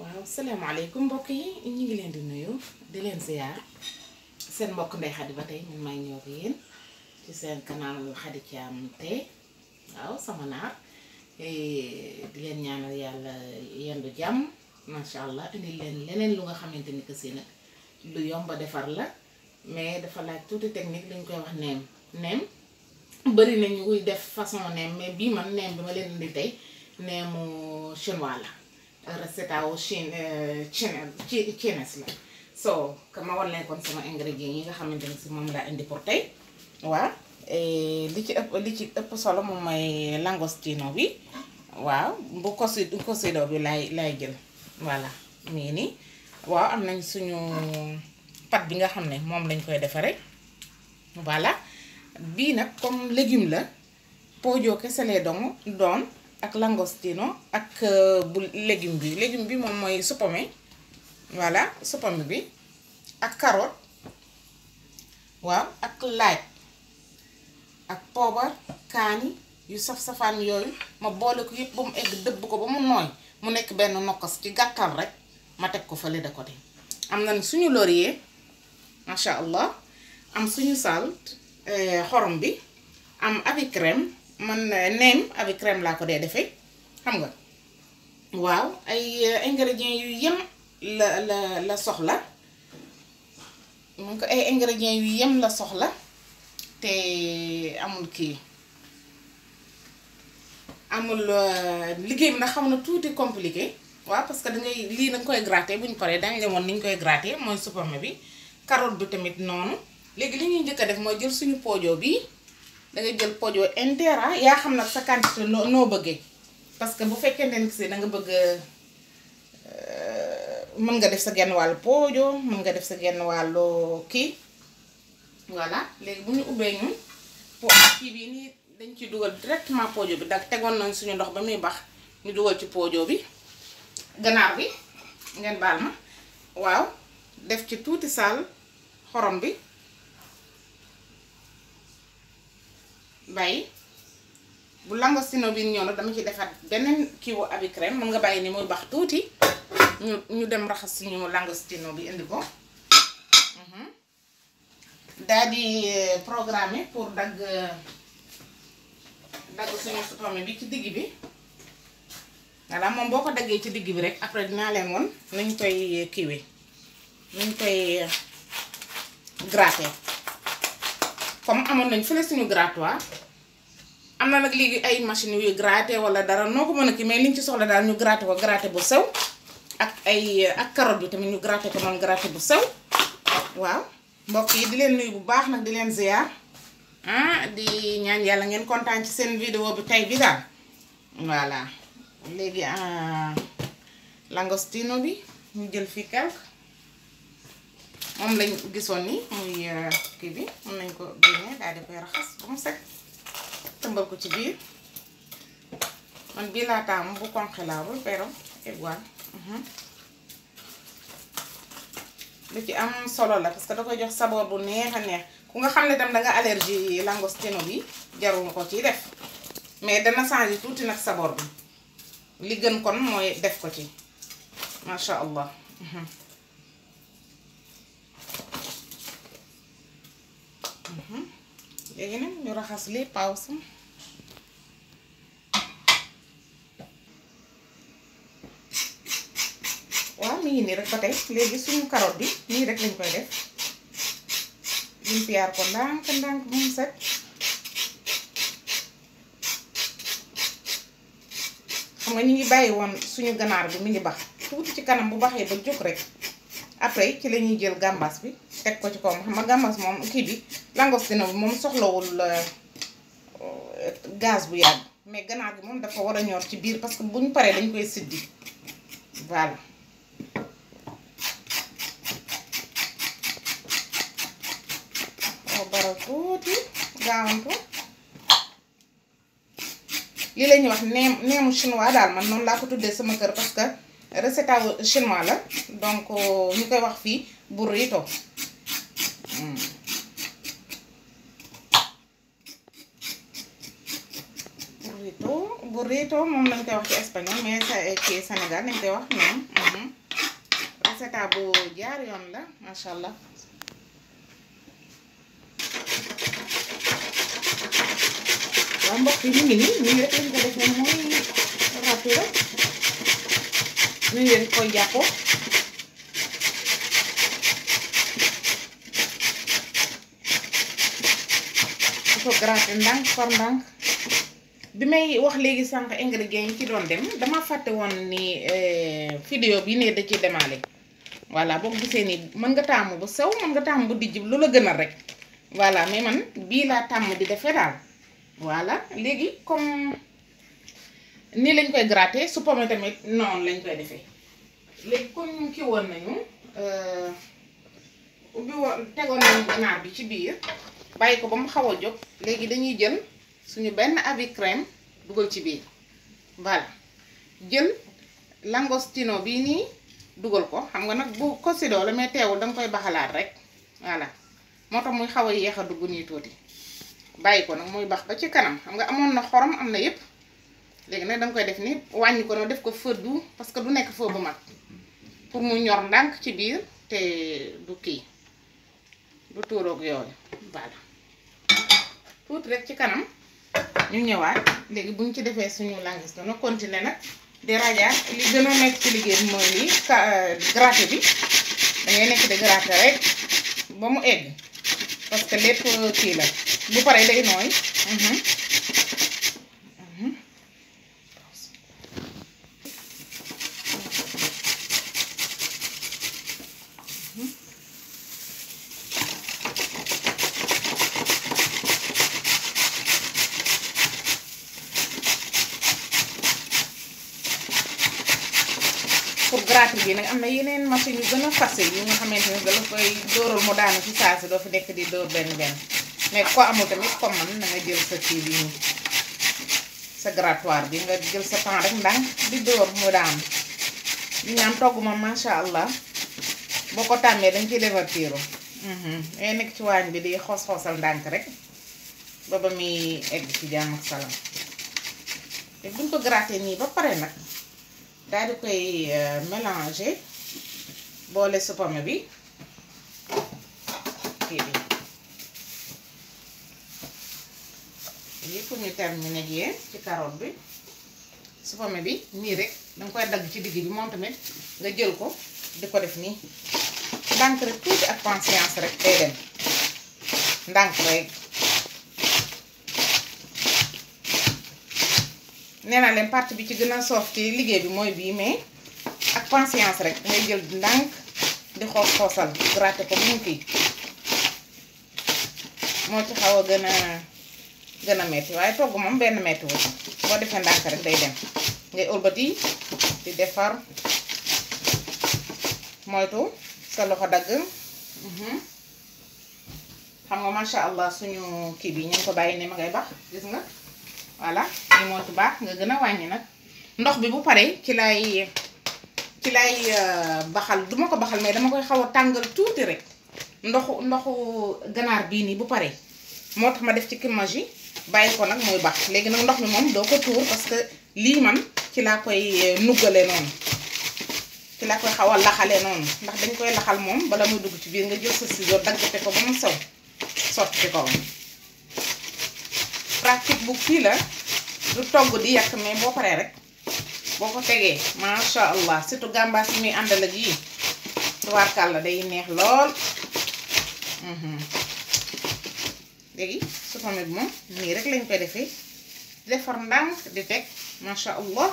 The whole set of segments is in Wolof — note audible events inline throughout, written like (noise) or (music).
waaw salaamaaleykum mbokk yi ñu ngi leen di nuyu di leen ziar seen mbokk Ndeye Khady ba tey man may ñëw yéen ci seen canal Khady Thiam tey waaw sama naar eh, di leen ñaanal yàlla du jàmm macha allah indi leen leneen lu nga xamante ni que si lu yomba defar la mais dafa laaj tuuti technique lañ koy wax neem neem bari nañu kuy def façon neem mais bii man neem bi ma leen indi tey neemu chinois la. recetao chine euh, chines la so ma wan leen kon sama ingrédients yi nga xamante ne si moom laa indi pour tey waaw eh, li ci ëpp li ci ëpp solo moom mooy langostino bi waaw bu kosi cosido bi laay laay jël voilà nii waaw am nañ suñu pat bi nga xam ne moom lañ koy defaree voilà bii nag comme légume la poojoo kese lee dong doon ak langostino ak euh, bu légume bi légume bi moom mooy suppome voilà suppome bi ak carotte waaw ak laaj ak poobar kaani yu saf-safaan yooyu ma boole ko yëpp ba mu egg dëbb ko ba mu nooy mu nekk benn nokkos ci gàttal rek ma teg ko fële de am na suñu laurier macha allah am suñu salt euh, xorom bi am avec man euh, neem avec crème laa ko dee defee xam nga waaw ay euh, ingrédients yu yem la la la soxla mun ko ay ingrédients yu yem la soxla te amul kii amul euh, liggéey bi na xam na tuuti compliqué waaw parce que da ngay lii da nga koy gratter bu ñu paree dañ le woon ni ñu koy gratter mooy supame bi carotte bi tamit noonu léegi li ñuy njëkk a def mooy jël suñu poojoo bi da nga jël podio intera ah, ya xam nag sa quantité no noo bëggee parce que bu fekkente ni si da nga bëgg mën nga def sa genn wal podio mën nga def sa genn wàllu ki voilà léegi bu ñu po kii bi ni dañ ci duggal directement podio bi dag tégon nañ suñu ndox ba muy bax ñu duggal ci podio bi ganar bi ngeen baal ma waaw def ci touti sal xorom bi bàyyi bu langostino bi ñëw nag dama ci defar beneen kii wu abi crème mën nga bàyyi ni muy baax tuuti ñu ñu dem raxas suñu langostino bi indi ko mhm. daal programme euh, programmer pour dagg dagg suñu supame bi ci digg bi voilà moom boo ko daggee ci digg bi rek après dinaa leen woon ñu koy euh, kiiwee nuñ koy euh, gratter comme amoon nañ fële suñu grattoir am na nag léegi ay machines yu gratter wala dara noo ko mën a kii mais liñ ci soxla daal ñu gratter ko grate bu sew ak ay ak carotte bi tamit ñu gratter ko noonu bu sew waaw mbokk yi di leen nuyu bu baax nag di leen ziar ah di ñaan yàlla ngeen kontaan ci seen vidéo bi tey bi daal voilà léegi ah, langostino bi ñu jël fii quelque mom lañ gissone ni muy euh, ki bi mom nañ ko gëné da di koy raxas bu mu set tambal ko ci biir man bi la tam bu congelable pero igual mhm. lu ci am solo la parce que da koy jox sabor bu neex a neex ku nga xamné tam da nga allergie langostino bi jarul ko ci def mais dana changer touti nak sabor bi li gën kon moy def ko ci masha allah. Mhm. Mm-hmm. léegi nag ñu raxas lii pawsam waaw mi ngi nii rek ba tey léegi suñu karoot bi nii rek lañ koy def limpiyaar ko ndànk ndànk bu mu set xam nga ñu ngi bàyyi woon suñu ganaar bi mu ngi bax tuuti ci kanam bu baxee ba jóg rek après ci la ñuy jël gambas bi teg ko ci kawam xam nga gambas moom kii bi langostino bi moom soxlawul euh, gaz bu yàgg mais ganaar gi moom dafa war a ñor ci biir parce que buñ ñu paree dañ koy siddi voilà oo oh, baral tuuti gaawantu lii la wax neem neemu chinois daal man noonu laa ko tuddee sama kër parce que recette chinois la donc euh, ñu koy wax fii burrito reto moom lañ koy wax ci espagnol mais ci Sénégal lañ koy wax moom receta bu jaar yoon la macha allah. waaw mbokk yi ñu ngi nii ñu ngi rek ko defee mooy ràppi rek ñu ngi bi may wax léegi sànq ingrédients yi ci doon dem dama fàtte woon ni euh, vidéo bi ne da ci demaale voilà boo gisee ni mën nga taamu bu sew mën nga taamu bu dijj lu la gënal rek voilà mais man bii laa tàmm di defe daal voilà léegi comme ni lañ koy gratter su pomme tamit noonu lañ koy defee léegi comme ñu ki woon nañu euh, ubbi woon tegoon nañu bi ci biir bàyyi ko ba mu xaw a jóg léegi dañuy jël suñu benn abi crème dugal ci biir bal jël langostino bii nii dugal ko xam nga nag bu cosido la mais teewul danga koy baxalaat rek voilà moo tax muy xaw a yéex a dugg nii tuuti bàyyi ko nag muy bax ba ci kanam xam nga amoon na xorom am na yépp léegi nag danga koy def ni wàññi ko nag def ko feu doux parce que du nekk feu bu mag pour mu ñor ndànk ci biir te du kii du tuuroog yooyu voilà tuuti rek ci kanam ñu ñëwaat léegi bu ñu ci defee suñu langis dana continuer nag di rajaat li gën a nekk ci liggéey bi mooy lii euh, gratte bi da ngay nekk di gratte rek ba mu egg parce que lépp euh, kii la bu paree day nooy mhm. marché yi nga xamante ne dafa koy dóoral mu daanu ci saa si doo fi nekk di dóor benn benn mais ko amul tamit ko man na nga jël sa kii bi nii bi nga jël sa temps rek ndànk di dóor mu daanu li ñu am togg ma macha allah boo ko tàmmee dañ ci dévertir mhm. ngay nekk ci waañ bi di xos-xosal ndànk rek ba ba muy egg ci jàmm ak te buñ ko gratter nii ba pare nag daal di koy euh, mélanger. બોલે સુપામાં બી pili. lii pour ñu terminer ak yéen ci carotte bi su pomme bi nii rek danga koy dagg ci digg bi moom tamit nga jël ko di ko def nii ndànk rek tuuti ak conscience rek day dem ndànk rek nee naa leen partie bi ci gën a soof ci liggéey bi mooy bii mais ak patience rek ngay jël ndànk di xox xosal gratte ko mu ngi mo ci xawa gëna gëna metti waaye togg mom benn metti wu bo defé ndànk rek day dem ngay ëlbati di defar moytu sa loxo dagg mhm. xam nga macha allah suñu ki bi ñu ko bayyi ne ma ngay bax gis nga wala ni mo ci bax nga gëna wañi nak ndox bi bu paré ci lay ci lay euh, baxal duma ko baxal mais dama koy xaw a tàngal tuuti rek ndox ndoxu ganaar bii nii bu paree moo tax ma def ci kimage bàyyi ko nag mooy bax léegi nag ndox mi moom doo ko tuur parce que lii man ci laa koy euh, nuggale noonu ci laa koy xaw a laxale noonu ndax dañ koy laxal moom bala muy dugg ci biir nga jël sa ciseau daggate ko ba mu sew sotti ci kawam pratique bu kii la du togg di yàq mais boo paree rek boko tege ma sha allah situ gambar sini mi lagi ak war kal la day neex hmm legi su fami bi ni rek lañ koy defé defar ndank di ma sha allah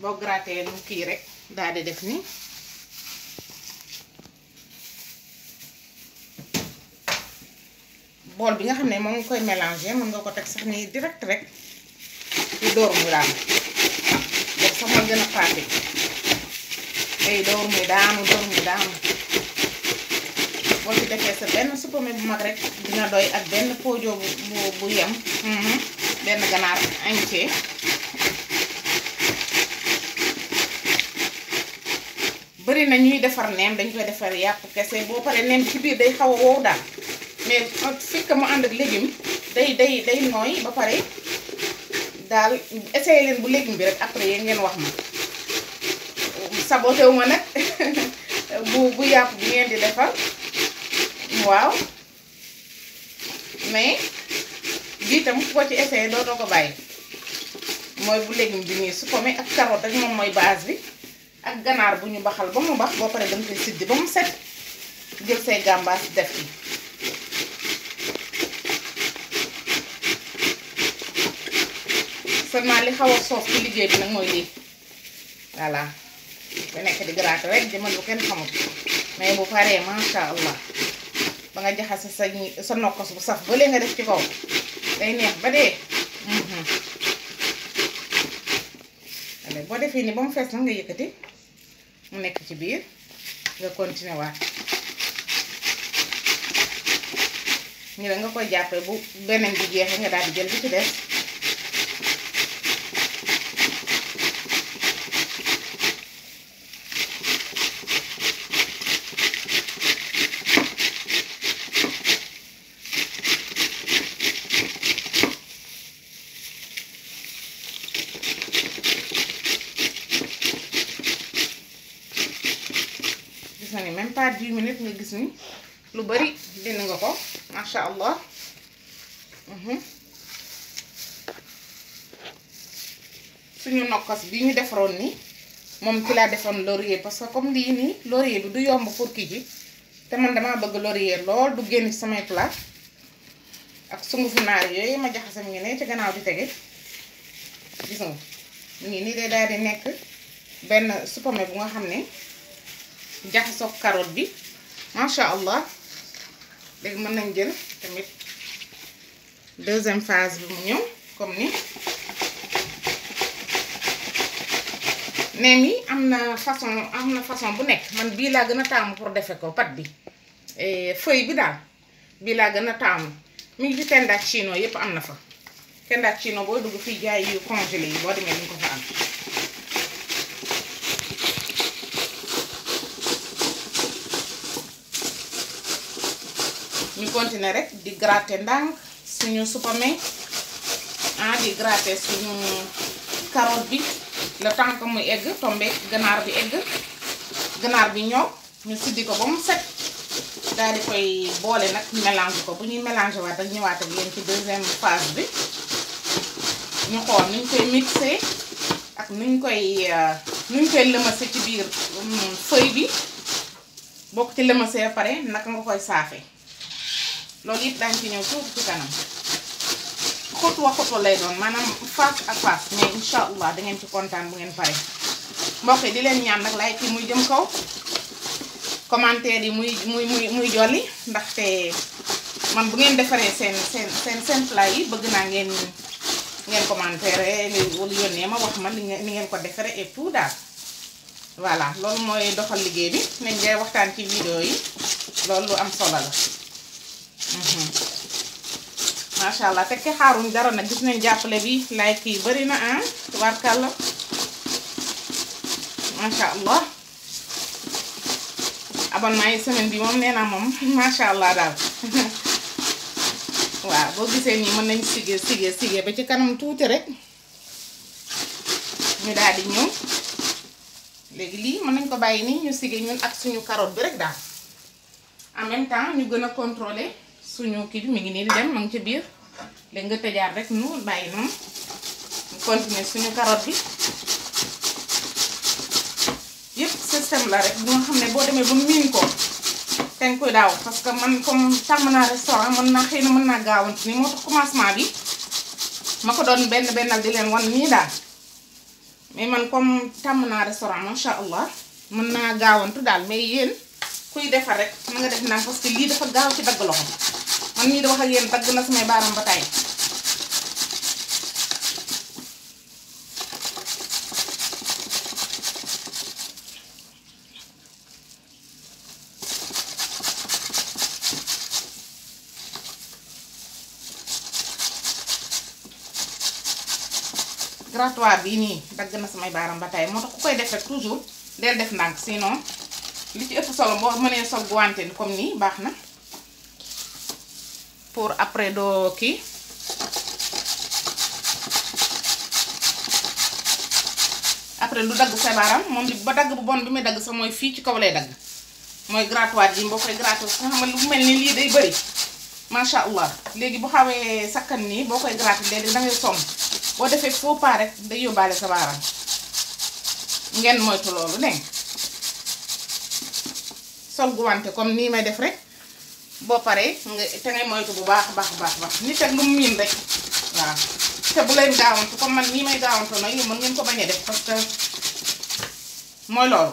bo grattee nu ki rek daal di def ni bool bi nga xam ne moom nga koy mélanger mën nga ko teg sax nii direct rek ci dóor mu daanu def sax mooy mu daanu boo ci defee sa benn supame bu mag rek dina doy ak benn poojo bu bu yem mhm. benn ganaar entier bëri na ñuy defar neen dañ koy defar yàpp kese boo paree neem ci biir day xaw a wow daal mais fekk mu ànd ak légume day day day nooy ba pare daal essayé leen bu légume bi rek après yéen ngeen wax ma saboté wu ma nag (laughs) bu bu yàpp bi ngeen di defar waaw mais bii tam ku ko ci essayé doo doo ko bàyyi mooy bu légume bi nii su pome ak carotte ak moom mooy base bi ak ganaar bu ñu baxal ba mu bax boo paree danga koy siddi ba mu set jël say gàmbaas def yi sama li xaw a soof ci liggéey bi nag mooy lii voilà da nekk di gratte rek jëmal bu kenn xamul mais bu paree sha allah ba nga jaxase sa sa nokkos bu saf ba lee nga def ci kaw day neex ba dee ale boo defee ni ba mu fees nga yëkkati mu nekk ci biir nga continuer waat ñu nga koy jàppee bu beneen bi jeexee nga daal di jël ci gitu, des menit nga gis ni lu bari dina nga ko masha allah mhm. suñu nokkas bi ñu defaron ni mom ci la defon laurier parce que comme lii ni laurier bi du yomb pour ki ji té man dama bëgg laurier lool du génn sama plat ak sungufu naar yoy ma jaxasam ngi ne ci gannaaw di tégué gis nga nii ni day daal di nekk ben supame bu nga xamné jaxaso carotte bi macha allah léegi mën nañ jël tamit deuxième phase bi mu ñëw comme ni neem yi am na façon am na façon bu nekk man bii laa gën a taamu pour defe ko pat bi feuille bi daal bii laa gën a taamu mi ngi fi tendaak chino yépp am na fa tendaak chino boo dugg fii jaay yu congelé yi boo demee duñ ko fa am continuer rek di gratter ndànk suñu supame ah di gratter suñu carotte bi le temps que muy egg tombe ganaar bi egg ganaar bi ñëw ñu siddi ko ba mu set daal di koy boole nag mélange ko bu ñuy mélange waat ak ñëwaat ak yéen ci deuxième phase bi ñu xool nuñ koy mixé ak nuñ koy euh, nuñ koy lëmase ci biir feuille bi boo ko ci lëmasee pare naka nga koy saafe lolit dañ ci ñew tout ci kanam xutwa xutwa lay doon manam face ak face mais inshallah da ngeen ci contane bu ngeen paré mbokk di leen ñaan nak like muy jëm kaw commentaire yi muy muy muy muy jolli ndax té man bu ngeen défaré sen sen sen sen plat yi bëgg na ngeen ngeen commentaire ni wul yone ma wax man ni ngeen ko défaré et tout da voilà loolu moy doxal liggéey bi nañ ngay waxtaan ci vidéo yi loolu lu am solo la. Mm-hmm. masha allah te ki dara na gis nañ jàppale bi like yi bari na ah tubaarkàlla macha allah abonnement yi semaine bi mom nee mom moom (laughs) allah daal (laughs) wa boo gisee ni mën nañ sigé sigé sigé ba ci kanam touté rek ñu daal di ñëw légui li mën nañ ko bayyi ni ñu sigé ñun ak suñu carotte bi rek dal en même temps ñu gëna contrôler suñu ki bi mi ngi ni di dem mang ci biir le nga tejar rek nu bàyyi moom ñu continuer suñu carotte bi yëpp système la rek bu nga xamné bo démé bu min ko tan nga koy daaw parce que man comme tàmm naa restaurant na xeyna man na gawant ni motax commencement bi mako don ben benal di len won ni da mais man comme tàmm naa restaurant sha allah man na gawant dal mais yeen kuy defar rek ma nga def naan parce que li dafa gaw ci dag loxo man mi do wax ak yeen tag na samay baram ba tey grattoir bii nii dagg na samay baram ba tey moo tax ku koy def rek toujours del def nank sinon li ci ëpp solo boo mëne sol guanté comme ni baxna pour après doo kii après lu dagg sa baaraam moom li ba dagg bu bon bi may dagg sax mooy fii ci kaw lay dagg mooy grattoir yi boo koy gratter nga xam nu lu mel nii lii day bëri macha allah léegi bu xawee sakkan nii boo koy gratter léegi da ngay somb boo defee foo pas rek day yóbbaale sa baaraam ngeen moytu loolu dégg sol guwante comme nii may def rek. bo paré nga té ngay moytu bu baax baax baax baax nit ak lu min rek wa té bu leen gaawantu ko man ni may gaawantu to nay mën ngeen ko bañé def parce que moy lool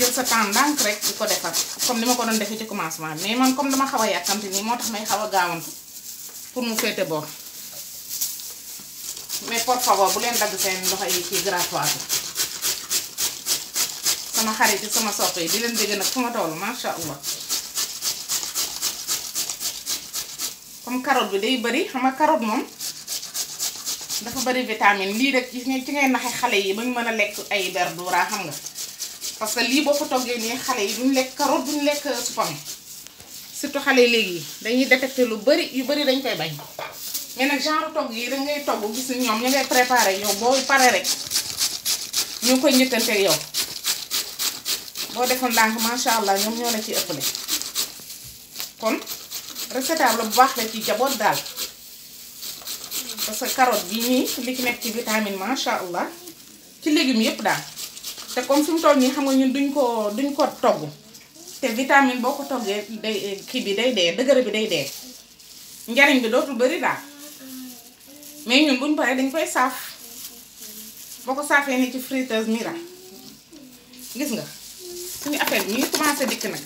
jël sa tan dank rek diko defal comme nima ko doon defee ci commencement mais man comme dama xawa a ni motax may xawa gawon gaawantu pour mu fété boor. por favor bu len dag sen loxo yi ci grattoir sama xarit yi sama soppe yi di leen dégg nag fu ma sha allah comme carotte bi day bari xama carotte mom dafa bari vitamine li rek gis ci ngay naxe xale yi ba mëna lek a lekk ay verdura xam nga parce que li boo fa toggee nii xale yi duñ lek carotte duñ lek supame surtout xale légui dañuy détecter lu bari yu bari dañ koy bañ. mais nag genre togg yi da ngay togg gis ni ñoom ñu ngay préparé yow boo paree rek ñu ngi koy njëkkanteeg yow boo defoon ndànk macha allah ñoom ñoo la ciy ëppale kon recetable bu baax la ci jaboot daal parce que carotte bi nii li ci nekk ci vitamine macha allah ci légumes yëpp daal te comme fi mu toll xam nga ñun duñ ko duñ ko togg te vitamine boo ko toggee day kii bi day dee dëgër bi day dee njariñ bi dootul bari daal. mais ñun buñ paree dañ fay saaf boko ko ni ci friteuse mira gis nga suñu affaire ñuy commencé dik nak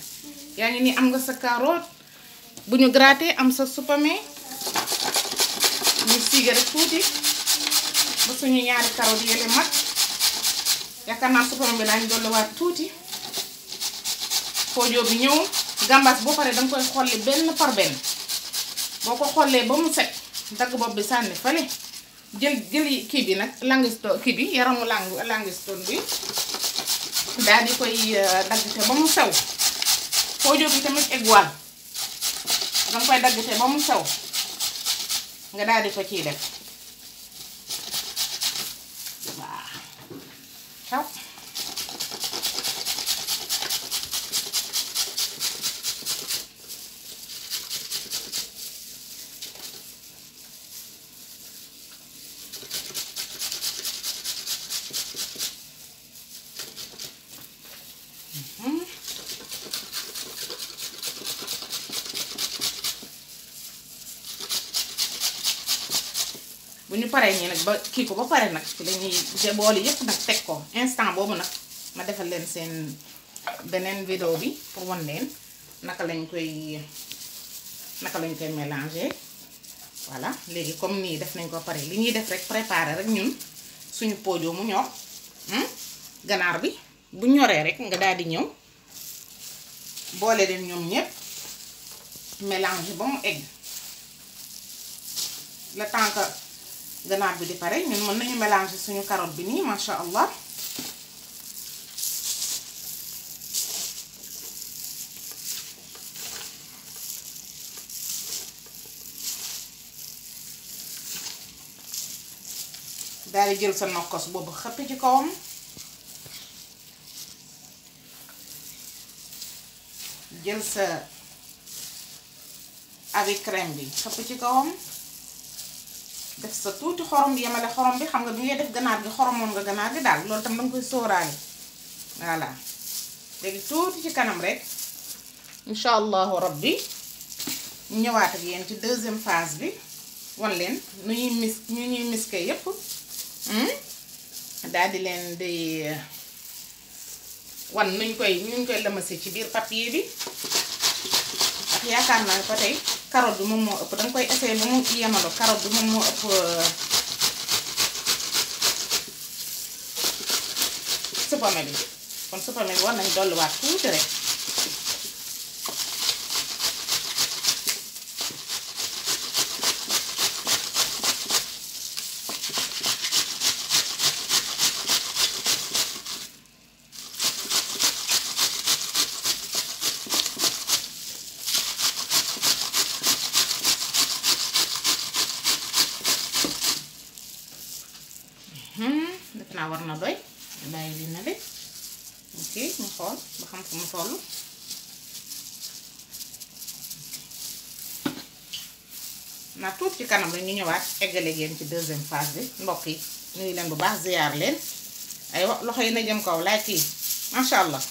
yaa ngi am nga sa carotte buñu ñu gratter am sa supame ñu siiga rek tuuti ba suñu ñaari carotte yële mat yaakaar supame bi daañu dolliwaat tuti foojo bi ñew gambas boo paré danga koy xolli benn par benn boko xolle xollee ba mu set dagg bopp bi sànni fële jël jël kii bi nag langiston kii bi yaramu lang langiston bi daal di koy euh, dagg te ba mu sew foojo bi tamit égal danga koy dagg te ba mu sew nga daal di ko ciy def waaw Mhm. bu ñu paree nii nag ba kii ko ba pare nag ci la ñuy bool yëpp nag teg ko instant boobu nag ma defal leen seen beneen vidéo bi pour wan leen naka lañ koy naka lañ koy mélanger voilà léegi comme nii def nañ ko pare li ñuy def rek préparer rek ñun suñu poojoo mu ñor hmm, ganaar bi. bu ñoree rek nga daal di ñëw boole leen ñoom ñëpp mélange egg le temps que bi di pare ñun mën nañu mélanger suñu carotte bi nii allah dari di jël sa nokkos boobu xëpp ci kawam. jël sa avec crème bi xëpp ci kawam def sa tuuti xorom bi yemale xorom bi xam nga bi ngay def ganaar gi xoromoon nga ganaar gi daal loolu tam danga koy sóoraale voilà léegi tuuti ci kanam rek incha allahu rabbi ñu ñëwaat ak yéen ci deuxième phase bi wan leen nu ñuy mis nu ñuy miske yépp hmm? daal di leen di wan nuñ koy ñu ngi koy lëmase ci biir papier bi ndax yaakaar naa ko tey karoot bi moom moo ëpp danga koy essayé lu mu yemaloo carotte bi moom moo ëpp euh, supame bi kon supame bi war nañ dolluwaat tuuti rek mu sonn na tuut ci kanam rek ñu ñëwaat eggale ngeen ci deuxième phase bi mbokk yi nuyu leen bu baax ziyaar leen ay loxo yi na jëm kaw laaj kii macha allah